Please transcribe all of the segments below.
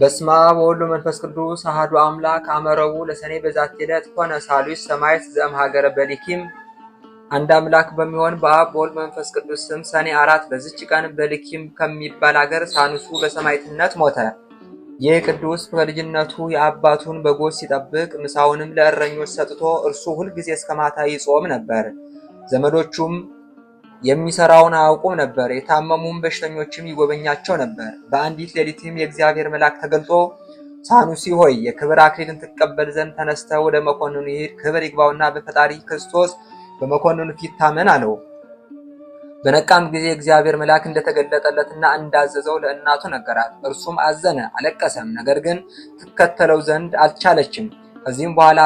በስመ አብ ወወልድ ወመንፈስ ቅዱስ አሐዱ አምላክ አመረቡ ለሰኔ በዛቲ ዕለት ኮነ ሣሉስ ሰማዕት ዘእምሀገረ በሊኪም። አንድ አምላክ በሚሆን በአብ በወልድ መንፈስ ቅዱስ ስም ሰኔ አራት በዚች ቀን በሊኪም ከሚባል አገር ሳኑሱ በሰማዕትነት ሞተ። ይህ ቅዱስ በልጅነቱ የአባቱን በጎች ሲጠብቅ ምሳውንም ለእረኞች ሰጥቶ እርሱ ሁልጊዜ እስከ ማታ ይጾም ነበር። ዘመዶቹም የሚሰራውን አያውቁም ነበር። የታመሙም በሽተኞችም ይጎበኛቸው ነበር። በአንዲት ሌሊትም የእግዚአብሔር መልአክ ተገልጦ ሳኑሲ ሆይ የክብር አክሊልን ትቀበል ዘንድ ተነስተ ወደ መኮንኑ ይሄድ፣ ክብር ይግባውና በፈጣሪ ክርስቶስ በመኮንኑ ፊት ታመን አለው። በነቃም ጊዜ እግዚአብሔር መልአክ እንደተገለጠለትና እንዳዘዘው ለእናቱ ነገራት። እርሱም አዘነ፣ አለቀሰም። ነገር ግን ትከተለው ዘንድ አልቻለችም። ከዚህም በኋላ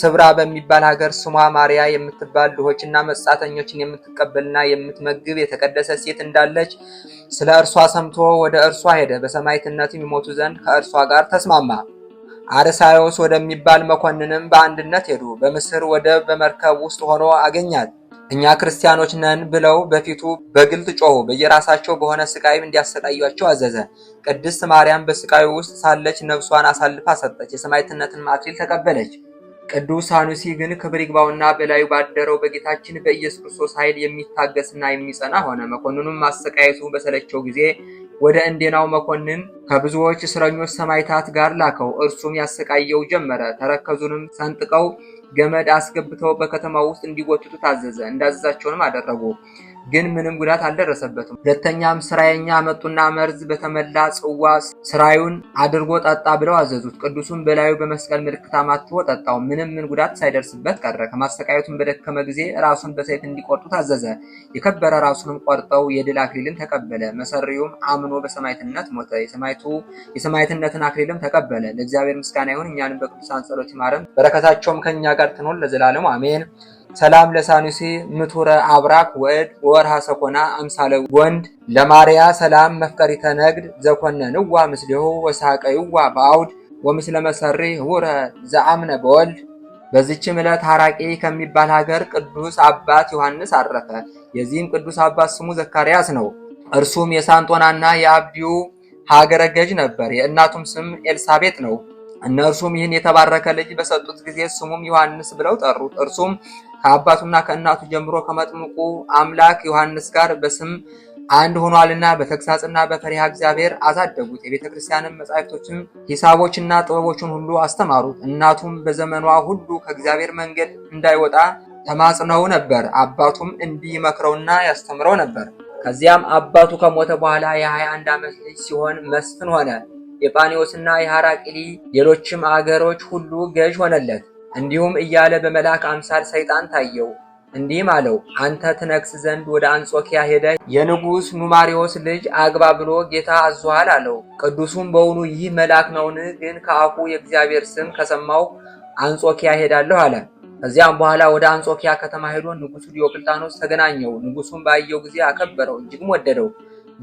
ስብራ በሚባል ሀገር ስሟ ማርያ የምትባል ድሆችና መጻተኞችን የምትቀበልና የምትመግብ የተቀደሰ ሴት እንዳለች ስለ እርሷ ሰምቶ ወደ እርሷ ሄደ። በሰማዕትነትም ይሞቱ ዘንድ ከእርሷ ጋር ተስማማ። አርሳዮስ ወደሚባል መኮንንም በአንድነት ሄዱ። በምስር ወደብ በመርከብ ውስጥ ሆኖ አገኛት። እኛ ክርስቲያኖች ነን ብለው በፊቱ በግልጥ ጮሁ። በየራሳቸው በሆነ ስቃይም እንዲያሰቃያቸው አዘዘ። ቅድስት ማርያም በስቃዩ ውስጥ ሳለች ነፍሷን አሳልፋ ሰጠች። የሰማዕትነትን አክሊል ተቀበለች። ቅዱስ ሳኑሲ ግን ክብር ይግባውና በላዩ ባደረው በጌታችን በኢየሱስ ክርስቶስ ኃይል የሚታገስና የሚጸና ሆነ። መኮንኑም ማሰቃየቱ በሰለቸው ጊዜ ወደ እንዴናው መኮንን ከብዙዎች እስረኞች ሰማይታት ጋር ላከው። እርሱም ያሰቃየው ጀመረ። ተረከዙንም ሰንጥቀው ገመድ አስገብተው በከተማው ውስጥ እንዲጎትቱ ታዘዘ። እንዳዘዛቸውንም አደረጉ። ግን ምንም ጉዳት አልደረሰበትም። ሁለተኛም ስራየኛ መጡና መርዝ በተመላ ጽዋ ስራዩን አድርጎ ጠጣ ብለው አዘዙት። ቅዱሱም በላዩ በመስቀል ምልክት አማትቦ ጠጣው። ምንም ምን ጉዳት ሳይደርስበት ቀረ። ከማሰቃየቱን በደከመ ጊዜ ራሱን በሰይፍ እንዲቆርጡ ታዘዘ። የከበረ ራሱንም ቆርጠው የድል አክሊልን ተቀበለ። መሰሪውም አምኖ በሰማይትነት ሞተ። የሰማይትነትን አክሊልም ተቀበለ። ለእግዚአብሔር ምስጋና ይሁን። እኛንም በቅዱሳን ጸሎት ይማረን፣ በረከታቸውም ከእኛ ጋር ትኖር ለዘላለሙ አሜን። ሰላም ለሳኑሴ ምቱረ አብራክ ወድ ወርሃ ሰኮና አምሳለ ወንድ ለማርያ ሰላም መፍቀሪተ ነግድ ንዋ ምስሌሁ ወሳቀይዋ በአውድ ወምስለ መሰሪ ሁረ ዘአምነ በወልድ። በዚችም ዕለት ሐራቄ ከሚባል ሀገር ቅዱስ አባት ዮሐንስ አረፈ። የዚህም ቅዱስ አባት ስሙ ዘካርያስ ነው። እርሱም የሳንጦናና የአቢዩ ሀገረ ገዥ ነበር። የእናቱም ስም ኤልሳቤጥ ነው። እነርሱም ይህን የተባረከ ልጅ በሰጡት ጊዜ ስሙም ዮሐንስ ብለው ጠሩት። እርሱም ከአባቱና ከእናቱ ጀምሮ ከመጥምቁ አምላክ ዮሐንስ ጋር በስም አንድ ሆኗልና በተግሳጽና በፈሪሃ እግዚአብሔር አሳደጉት። የቤተ ክርስቲያንም መጻሕፍቶችን ሂሳቦችና ጥበቦችን ሁሉ አስተማሩት። እናቱም በዘመኗ ሁሉ ከእግዚአብሔር መንገድ እንዳይወጣ ተማጽነው ነበር። አባቱም እንዲመክረውና ያስተምረው ነበር። ከዚያም አባቱ ከሞተ በኋላ የ21 ዓመት ልጅ ሲሆን መስፍን ሆነ። የጳኒዎስና የሐራቅሊ ሌሎችም አገሮች ሁሉ ገዥ ሆነለት። እንዲሁም እያለ በመልአክ አምሳል ሰይጣን ታየው፣ እንዲህም አለው አንተ ትነግስ ዘንድ ወደ አንጾኪያ ሄደ የንጉሥ ኑማሪዎስ ልጅ አግባ ብሎ ጌታ አዞሃል አለው። ቅዱሱም በውኑ ይህ መልአክ ነውን? ግን ከአፉ የእግዚአብሔር ስም ከሰማው አንጾኪያ ሄዳለሁ አለ። ከዚያም በኋላ ወደ አንጾኪያ ከተማ ሄዶ ንጉሱ ዲዮቅልጣኖስ ተገናኘው። ንጉሱም ባየው ጊዜ አከበረው፣ እጅግም ወደደው።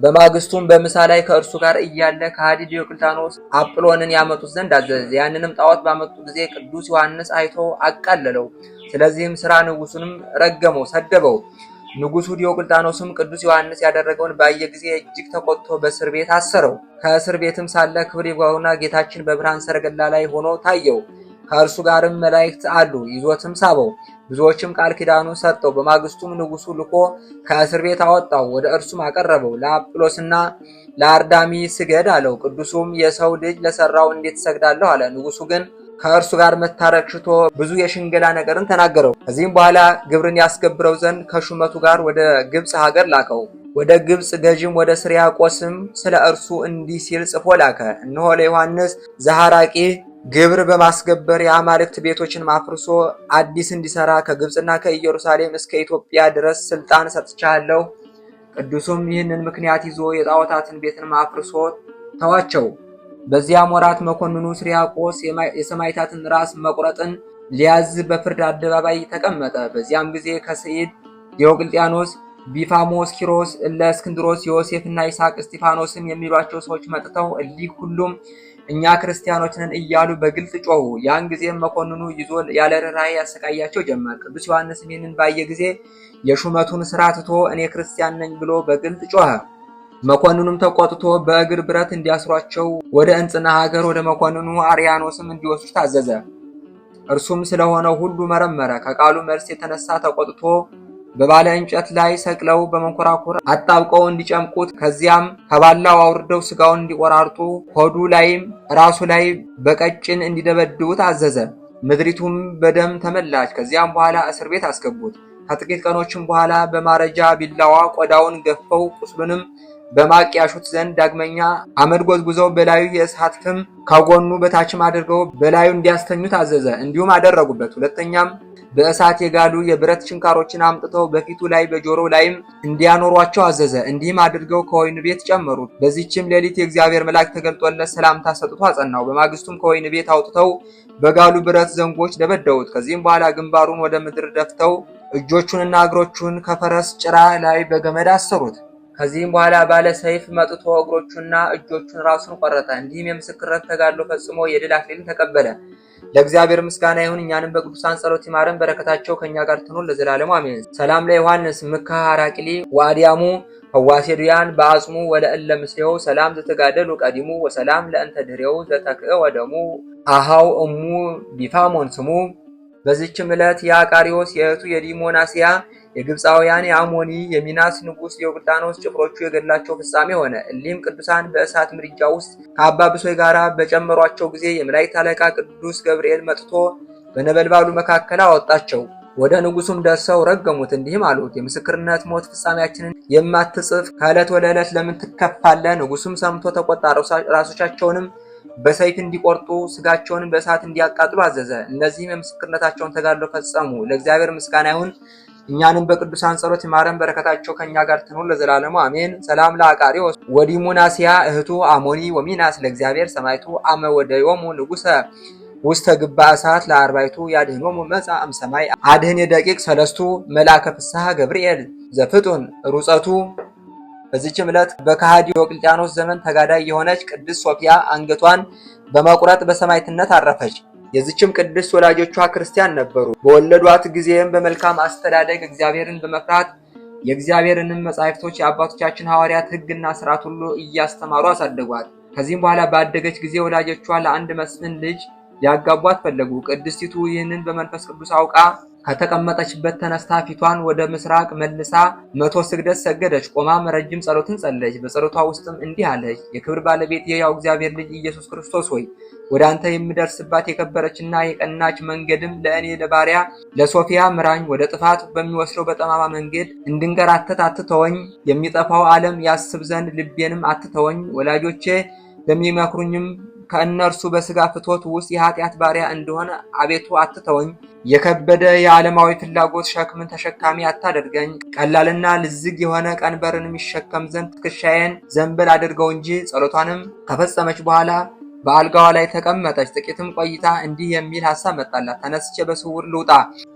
በማግስቱም በምሳ ላይ ከእርሱ ጋር እያለ ከሃዲ ዲዮቅልጣኖስ አጵሎንን ያመጡት ዘንድ አዘዘ። ያንንም ጣዖት ባመጡ ጊዜ ቅዱስ ዮሐንስ አይቶ አቃለለው። ስለዚህም ስራ ንጉሱንም ረገመው፣ ሰደበው። ንጉሱ ዲዮቅልጣኖስም ቅዱስ ዮሐንስ ያደረገውን ባየ ጊዜ እጅግ ተቆጥቶ በእስር ቤት አሰረው። ከእስር ቤትም ሳለ ክብር ይግባውና ጌታችን በብርሃን ሰረገላ ላይ ሆኖ ታየው። ከእርሱ ጋርም መላእክት አሉ። ይዞትም ሳበው። ብዙዎችም ቃል ኪዳኑ ሰጠው። በማግስቱም ንጉሱ ልኮ ከእስር ቤት አወጣው፣ ወደ እርሱም አቀረበው። ለአጵሎስና ለአርዳሚ ስገድ አለው። ቅዱሱም የሰው ልጅ ለሰራው እንዴት ሰግዳለሁ አለ። ንጉሱ ግን ከእርሱ ጋር መታረቅ ሽቶ ብዙ የሽንገላ ነገርን ተናገረው። ከዚህም በኋላ ግብርን ያስገብረው ዘንድ ከሹመቱ ጋር ወደ ግብፅ ሀገር ላከው። ወደ ግብፅ ገዥም ወደ ስሪያቆስም ስለ እርሱ እንዲህ ሲል ጽፎ ላከ። እነሆ ለዮሐንስ ዘሐራቂ ግብር በማስገበር የአማልክት ቤቶችን ማፍርሶ አዲስ እንዲሰራ ከግብፅና ከኢየሩሳሌም እስከ ኢትዮጵያ ድረስ ስልጣን ሰጥቻለሁ። ቅዱሱም ይህንን ምክንያት ይዞ የጣዖታትን ቤትን ማፍርሶ ተዋቸው። በዚያም ወራት መኮንኑ ስሪያቆስ የሰማይታትን ራስ መቁረጥን ሊያዝ በፍርድ አደባባይ ተቀመጠ። በዚያም ጊዜ ከሰኢድ ዲዮቅልጥያኖስ፣ ቢፋሞስ፣ ኪሮስ፣ እለ እስክንድሮስ፣ ዮሴፍና ይስሐቅ፣ እስጢፋኖስም የሚሏቸው ሰዎች መጥተው እሊህ ሁሉም እኛ ክርስቲያኖች ነን እያሉ በግልጽ ጮሁ። ያን ጊዜም መኮንኑ ይዞ ያለ ርኅራኄ ያሰቃያቸው ጀመር። ቅዱስ ዮሐንስ ይህንን ባየ ጊዜ የሹመቱን ስራ ትቶ እኔ ክርስቲያን ነኝ ብሎ በግልጽ ጮኸ። መኮንኑም ተቆጥቶ በእግር ብረት እንዲያስሯቸው ወደ እንጽና ሀገር ወደ መኮንኑ አርያኖስም እንዲወስዱ ታዘዘ። እርሱም ስለሆነ ሁሉ መረመረ። ከቃሉ መልስ የተነሳ ተቆጥቶ በባለ እንጨት ላይ ሰቅለው በመንኮራኩር አጣብቀው እንዲጨምቁት ከዚያም ከባላው አውርደው ስጋውን እንዲቆራርጡ ሆዱ ላይም ራሱ ላይ በቀጭን እንዲደበድቡት አዘዘ። ምድሪቱም በደም ተመላች። ከዚያም በኋላ እስር ቤት አስገቡት። ከጥቂት ቀኖችም በኋላ በማረጃ ቢላዋ ቆዳውን ገፈው ቁስሉንም በማቅ ያሹት ዘንድ ዳግመኛ አመድ ጎዝጉዘው በላዩ የእሳት ፍም ከጎኑ በታችም አድርገው በላዩ እንዲያስተኙት አዘዘ። እንዲሁም አደረጉበት። ሁለተኛም በእሳት የጋሉ የብረት ችንካሮችን አምጥተው በፊቱ ላይ በጆሮው ላይም እንዲያኖሯቸው አዘዘ። እንዲህም አድርገው ከወይን ቤት ጨመሩት። በዚችም ሌሊት የእግዚአብሔር መልአክ ተገልጦለት ሰላምታ ሰጥቶ አጸናው። በማግስቱም ከወይን ቤት አውጥተው በጋሉ ብረት ዘንጎች ደበደቡት። ከዚህም በኋላ ግንባሩን ወደ ምድር ደፍተው እጆቹንና እግሮቹን ከፈረስ ጭራ ላይ በገመድ አሰሩት። ከዚህም በኋላ ባለ ሰይፍ መጥቶ እግሮቹና እጆቹን ራሱን ቆረጠ። እንዲህም የምስክርነት ተጋድሎ ፈጽሞ የድል አክሊልን ተቀበለ። ለእግዚአብሔር ምስጋና ይሁን፣ እኛንም በቅዱሳን ጸሎት ይማረን፣ በረከታቸው ከእኛ ጋር ትኑር ለዘላለሙ አሜን። ሰላም ለዮሐንስ ምካ አራቂሊ ወአዲያሙ ፈዋሴዱያን በአጽሙ ወደ ወለእለ ምስሌው ሰላም ዘተጋደሉ ቀዲሙ ወሰላም ለእንተ ድሬው ዘተክእ ወደሙ አሃው እሙ ቢፋሞን ስሙ በዚችም ዕለት የአቃሪዎስ የእህቱ የዲሞናሲያ የግብፃውያን የአሞኒ የሚናስ ንጉሥ የዮርዳኖስ ጭፍሮቹ የገድላቸው ፍጻሜ ሆነ። እሊም ቅዱሳን በእሳት ምድጃ ውስጥ ከአባ ብሶይ ጋር በጨመሯቸው ጊዜ የመላእክት አለቃ ቅዱስ ገብርኤል መጥቶ በነበልባሉ መካከል አወጣቸው። ወደ ንጉሱም ደርሰው ረገሙት፣ እንዲህም አሉት፦ የምስክርነት ሞት ፍጻሜያችንን የማትጽፍ ከዕለት ወደ ዕለት ለምን ትከፋለ ንጉሱም ሰምቶ ተቆጣ። ራሶቻቸውንም በሰይፍ እንዲቆርጡ ስጋቸውን በእሳት እንዲያቃጥሉ አዘዘ። እነዚህም የምስክርነታቸውን ተጋድሎ ፈጸሙ። ለእግዚአብሔር ምስጋና ይሁን፣ እኛንም በቅዱሳን ጸሎት ይማረን፣ በረከታቸው ከእኛ ጋር ትኑር ለዘላለሙ አሜን። ሰላም ለአቃሪዎስ ወዲሙናሲያ እህቱ አሞኒ ወሚናስ ለእግዚአብሔር ሰማይቱ አመወደዮሙ ንጉሰ ውስተ ግባ እሳት ለአርባይቱ ያድህኖሙ መጻ እምሰማይ አድህን የደቂቅ ሰለስቱ መልአከ ፍስሐ ገብርኤል ዘፍጡን ሩጸቱ በዚችም ዕለት በካሃዲ ዲዮቅልጥያኖስ ዘመን ተጋዳይ የሆነች ቅድስት ሶፊያ አንገቷን በመቁረጥ በሰማዕትነት አረፈች። የዚችም ቅድስት ወላጆቿ ክርስቲያን ነበሩ። በወለዷት ጊዜም በመልካም አስተዳደግ እግዚአብሔርን በመፍራት የእግዚአብሔርንም መጻሕፍቶች የአባቶቻችን ሐዋርያት ሕግና ስርዓት ሁሉ እያስተማሩ አሳደጓት። ከዚህም በኋላ ባደገች ጊዜ ወላጆቿ ለአንድ መስፍን ልጅ ሊያጋቧት ፈለጉ። ቅድስቲቱ ይህንን በመንፈስ ቅዱስ አውቃ ከተቀመጠችበት ተነስታ ፊቷን ወደ ምስራቅ መልሳ መቶ ስግደት ሰገደች። ቆማም ረጅም ጸሎትን ጸለች። በጸሎቷ ውስጥም እንዲህ አለች። የክብር ባለቤት የያው እግዚአብሔር ልጅ ኢየሱስ ክርስቶስ ሆይ ወደ አንተ የምደርስባት የከበረችና የቀናች መንገድም ለእኔ ለባሪያ ለሶፊያ ምራኝ። ወደ ጥፋት በሚወስደው በጠማማ መንገድ እንድንቀራተት አትተወኝ። የሚጠፋው ዓለም ያስብ ዘንድ ልቤንም አትተወኝ። ወላጆቼ በሚመክሩኝም ከእነርሱ በስጋ ፍትወት ውስጥ የኃጢአት ባሪያ እንደሆነ አቤቱ አትተወኝ። የከበደ የዓለማዊ ፍላጎት ሸክምን ተሸካሚ አታደርገኝ። ቀላልና ልዝግ የሆነ ቀንበርን የሚሸከም ዘንድ ትከሻዬን ዘንበል አድርገው እንጂ ጸሎቷንም ከፈጸመች በኋላ በአልጋዋ ላይ ተቀመጠች። ጥቂትም ቆይታ እንዲህ የሚል ሀሳብ መጣላት፣ ተነስቼ በስውር ልውጣ፣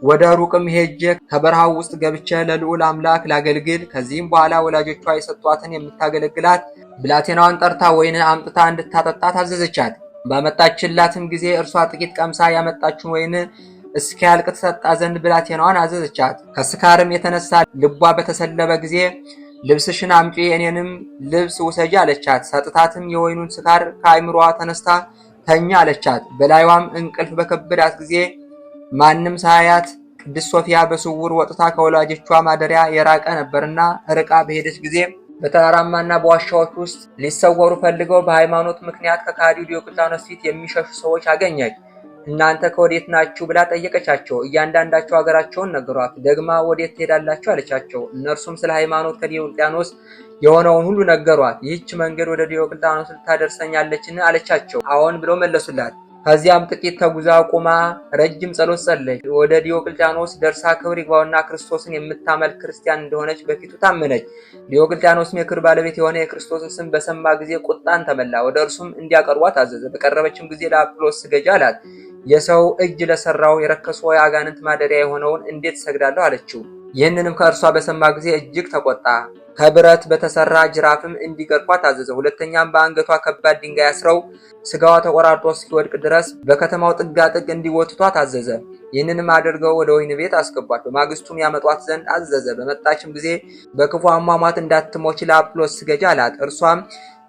ወደ ሩቅም ሄጄ ከበረሃው ውስጥ ገብቼ ለልዑል አምላክ ላገልግል። ከዚህም በኋላ ወላጆቿ የሰጧትን የምታገለግላት ብላቴናዋን ጠርታ ወይን አምጥታ እንድታጠጣት አዘዘቻት። ባመጣችላትም ጊዜ እርሷ ጥቂት ቀምሳ ያመጣችውን ወይን እስኪያልቅ ትጠጣ ዘንድ ብላቴናዋን አዘዘቻት። ከስካርም የተነሳ ልቧ በተሰለበ ጊዜ ልብስሽን አምጪ የእኔንም ልብስ ውሰጂ አለቻት። ሰጥታትም የወይኑን ስካር ከአይምሯ ተነስታ ተኛ አለቻት። በላይዋም እንቅልፍ በከበዳት ጊዜ ማንም ሳያት ቅድስት ሶፊያ በስውር ወጥታ ከወላጆቿ ማደሪያ የራቀ ነበርና ርቃ በሄደች ጊዜ በተራራማና በዋሻዎች ውስጥ ሊሰወሩ ፈልገው በሃይማኖት ምክንያት ከካዲው ዲዮቅልጥያኖስ ፊት የሚሸሹ ሰዎች አገኘች። እናንተ ከወዴት ናችሁ ብላ ጠየቀቻቸው። እያንዳንዳቸው ሀገራቸውን ነገሯት። ደግማ ወዴት ትሄዳላችሁ አለቻቸው። እነርሱም ስለ ሃይማኖት ከዲዮቅልጥያኖስ የሆነውን ሁሉ ነገሯት። ይህች መንገድ ወደ ዲዮቅልጥያኖስ ልታደርሰኛለችን አለቻቸው። አዎን ብለው መለሱላት። ከዚያም ጥቂት ተጉዛ ቁማ ረጅም ጸሎት ጸለች። ወደ ዲዮቅልጥያኖስ ደርሳ ክብር ይግባውና ክርስቶስን የምታመልክ ክርስቲያን እንደሆነች በፊቱ ታመነች። ዲዮቅልጥያኖስም የክብር ባለቤት የሆነ የክርስቶስን ስም በሰማ ጊዜ ቁጣን ተመላ። ወደ እርሱም እንዲያቀርቧት አዘዘ። በቀረበችም ጊዜ ለአጵሎስ ስገጃ አላት። የሰው እጅ ለሰራው የረከሱ የአጋንንት ማደሪያ የሆነውን እንዴት ሰግዳለሁ አለችው። ይህንንም ከእርሷ በሰማ ጊዜ እጅግ ተቆጣ። ከብረት በተሰራ ጅራፍም እንዲገርፏት አዘዘ። ሁለተኛም በአንገቷ ከባድ ድንጋይ አስረው ስጋዋ ተቆራርጦ እስኪወድቅ ድረስ በከተማው ጥጋጥግ እንዲጎትቷት አዘዘ። ይህንንም አድርገው ወደ ወይን ቤት አስገቧት። በማግስቱም ያመጧት ዘንድ አዘዘ። በመጣችም ጊዜ በክፉ አሟሟት እንዳትሞች ለአጵሎስ ስገጂ አላት። እርሷም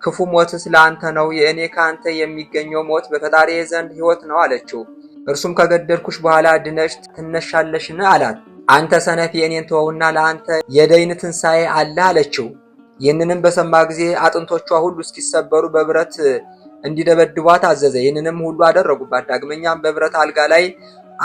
ክፉ ሞትስ ለአንተ ነው፣ የእኔ ከአንተ የሚገኘው ሞት በፈጣሪ ዘንድ ሕይወት ነው አለችው። እርሱም ከገደልኩሽ በኋላ ድነሽ ትነሻለሽን? አላት። አንተ ሰነፍ የእኔን ተወውና ለአንተ የደይን ትንሣኤ አለ አለችው። ይህንንም በሰማ ጊዜ አጥንቶቿ ሁሉ እስኪሰበሩ በብረት እንዲደበድቧት አዘዘ። ይህንንም ሁሉ አደረጉባት። ዳግመኛም በብረት አልጋ ላይ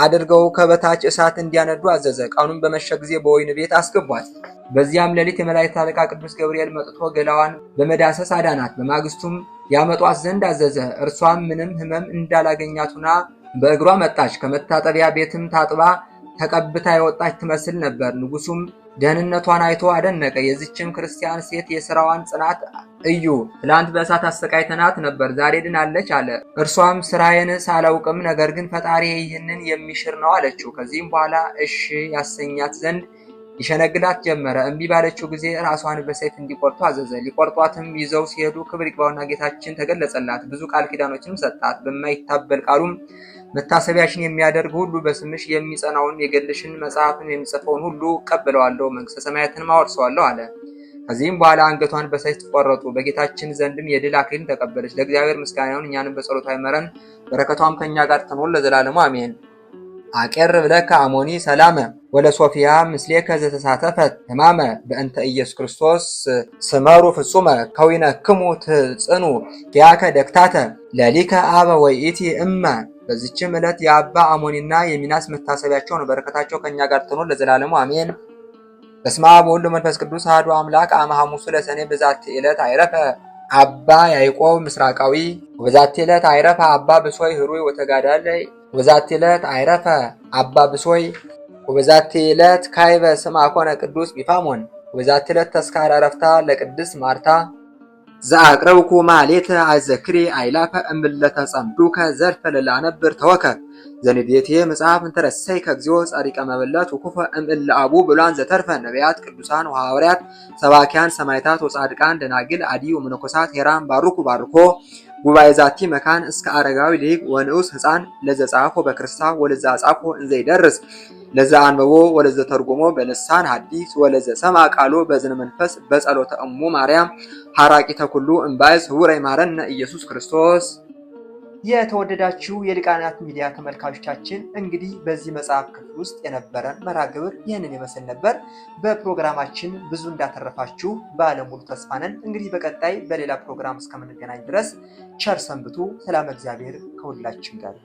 አድርገው ከበታች እሳት እንዲያነዱ አዘዘ። ቀኑን በመሸ ጊዜ በወይን ቤት አስገቧት። በዚያም ሌሊት የመላእክት አለቃ ቅዱስ ገብርኤል መጥቶ ገላዋን በመዳሰስ አዳናት። በማግስቱም ያመጧት ዘንድ አዘዘ። እርሷም ምንም ሕመም እንዳላገኛቱና በእግሯ መጣች። ከመታጠቢያ ቤትም ታጥባ ተቀብታ የወጣች ትመስል ነበር። ንጉሱም ደህንነቷን አይቶ አደነቀ። የዚችም ክርስቲያን ሴት የሥራዋን ጽናት እዩ። ትላንት በእሳት አሰቃይተናት ነበር፣ ዛሬ ድናለች አለ። እርሷም ስራዬን አላውቅም፣ ነገር ግን ፈጣሪ ይህንን የሚሽር ነው አለችው። ከዚህም በኋላ እሺ ያሰኛት ዘንድ ይሸነግላት ጀመረ። እምቢ ባለችው ጊዜ ራሷን በሰይፍ እንዲቆርጡ አዘዘ። ሊቆርጧትም ይዘው ሲሄዱ ክብር ይግባውና ጌታችን ተገለጸላት፣ ብዙ ቃል ኪዳኖችንም ሰጣት። በማይታበል ቃሉም መታሰቢያሽን የሚያደርግ ሁሉ በስምሽ የሚጸናውን የገልሽን መጽሐፍን የሚጽፈውን ሁሉ ቀብለዋለሁ፣ መንግስተ ሰማያትንም አወርሰዋለሁ አለ። ከዚህም በኋላ አንገቷን በሰይፍ ቆረጡ። በጌታችን ዘንድም የድል አክሊልን ተቀበለች። ለእግዚአብሔር ምስጋናውን እኛንም በጸሎቷ አይመረን በረከቷም ከእኛ ጋር ትኑር ለዘላለሙ አሜን። አቄር ብለከ አሞኒ ሰላመ ወለሶፊያ ምስሌከ ዘተሳተፈት ሕማመ በእንተ ኢየሱስ ክርስቶስ ስመሩ ፍጹመ ከዊነክሙ ትጽኑ ኪያከ ደክታተ ለሊከ አበ ወይእቲ እመ። በዚችም ዕለት የአባ አሞኒና የሚናስ መታሰቢያቸው ነው። በረከታቸው ከእኛ ጋር ትኖር ለዘላለሙ አሜን። በስመ አብ ወወልድ ወመንፈስ ቅዱስ አሐዱ አምላክ አመ ሐሙሱ ለሰኔ በዛቲ ዕለት አይረፈ አባ ያዕቆብ ምስራቃዊ በዛቲ ዕለት አይረፈ አባ ብሶይ ህሩይ ወተጋዳላይ ወዛቲ ዕለት አይረፈ አባ ብሶይ ወበዛቲ ዕለት ካይበ ስማ ኮነ ቅዱስ ቢፋሞን ወበዛቲ ዕለት ተስካረ አረፍታ ለቅድስት ማርታ ዘአቅረብኩ ማሌተ አዘክሪ አይላፈ እምለተ ጸምዱከ ዘርፈ ለላነብር ተወከ ዘንዴቴ መጽሐፍ እንተረሰይ ከእግዚኦ ጻድቀ መበለት ወኩፈ እምእለ አቡ ብሏን ዘተርፈ ነቢያት ቅዱሳን ወሐዋርያት ሰባኪያን ሰማይታት ወጻድቃን ደናግል አዲ መነኮሳት ሄራን ባርኩ ባርኮ ጉባኤ ዛቲ መካን እስከ አረጋዊ ሊግ ወንዑስ ህፃን ለዘ ጻፎ በክርስታ ወለዘ አጻፎ እንዘይደርስ ለዘ አንበቦ ወለዘ ተርጎሞ በልሳን ሐዲስ ወለዘ ሰማ ቃሎ በዝነ መንፈስ በጸሎተ እሙ ማርያም ሐራቂ ተኩሉ እምባይስ ስውረይ ማረነ ኢየሱስ ክርስቶስ የተወደዳችሁ የልቃናት ሚዲያ ተመልካቾቻችን እንግዲህ በዚህ መጽሐፍ ክፍል ውስጥ የነበረን መርሃ ግብር ይህንን ይመስል ነበር። በፕሮግራማችን ብዙ እንዳተረፋችሁ ባለሙሉ ተስፋ ነን። እንግዲህ በቀጣይ በሌላ ፕሮግራም እስከምንገናኝ ድረስ ቸር ሰንብቱ። ሰላም፣ እግዚአብሔር ከሁላችን ጋር